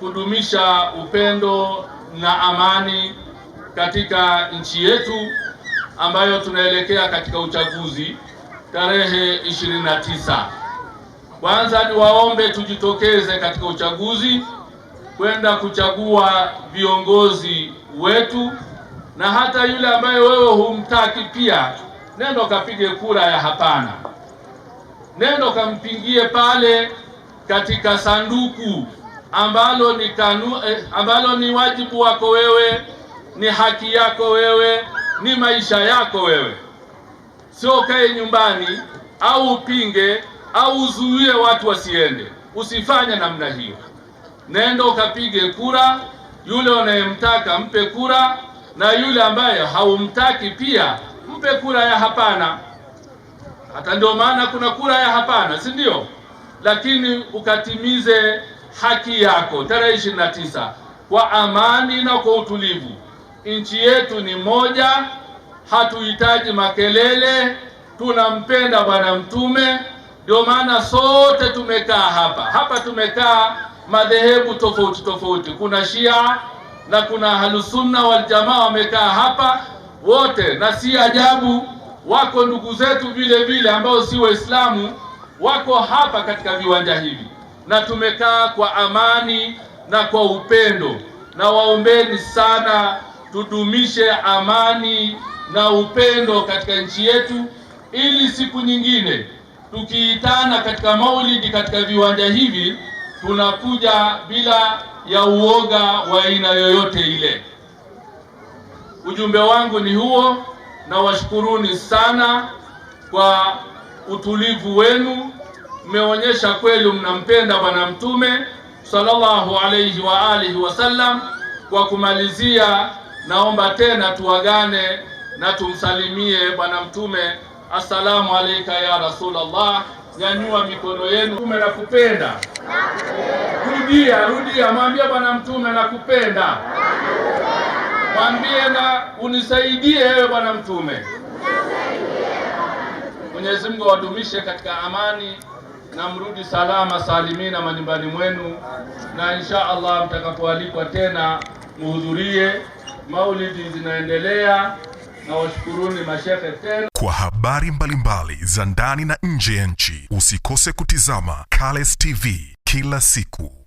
kudumisha upendo na amani katika nchi yetu ambayo tunaelekea katika uchaguzi tarehe 29. Kwanza niwaombe tujitokeze katika uchaguzi kwenda kuchagua viongozi wetu, na hata yule ambaye wewe humtaki pia, nenda kapige kura ya hapana, nenda kampingie pale katika sanduku ambalo ni tanu, eh, ambalo ni wajibu wako wewe, ni haki yako wewe, ni maisha yako wewe. Sio kae nyumbani au upinge au uzuie watu wasiende. Usifanye namna hiyo, nenda ukapige kura. Yule unayemtaka mpe kura, na yule ambaye haumtaki pia mpe kura ya hapana. Hata ndio maana kuna kura ya hapana, si ndio? Lakini ukatimize haki yako tarehe ishirini na tisa kwa amani na kwa utulivu. Nchi yetu ni moja, hatuhitaji makelele, tunampenda Bwana Mtume. Ndio maana sote tumekaa hapa hapa, tumekaa madhehebu tofauti tofauti, kuna Shia na kuna Ahlusunna Waljamaa wamekaa hapa wote, na si ajabu wako ndugu zetu vile vile ambao si Waislamu wako hapa katika viwanja hivi na tumekaa kwa amani na kwa upendo, na waombeni sana tudumishe amani na upendo katika nchi yetu, ili siku nyingine tukiitana katika maulidi katika viwanja hivi tunakuja bila ya uoga wa aina yoyote ile. Ujumbe wangu ni huo, na washukuruni sana kwa utulivu wenu mmeonyesha kweli mnampenda Bwana Mtume sallallahu alayhi wa alihi wasallam. Kwa kumalizia, naomba tena tuagane na tumsalimie Bwana Mtume, assalamu alayka ya Rasulullah. Nyanyua mikono yenu. Mtume nakupenda, rudia rudia, mwambie Bwana Mtume nakupenda, mwambie na unisaidie ewe Bwana Mtume. Mwenyezi Mungu awadumishe katika amani na mrudi salama salimina manyumbani mwenu, na insha Allah mtakapoalikwa tena muhudhurie. Maulidi zinaendelea na washukuruni mashehe tena. Kwa habari mbalimbali za ndani na nje ya nchi, usikose kutizama Cales TV kila siku.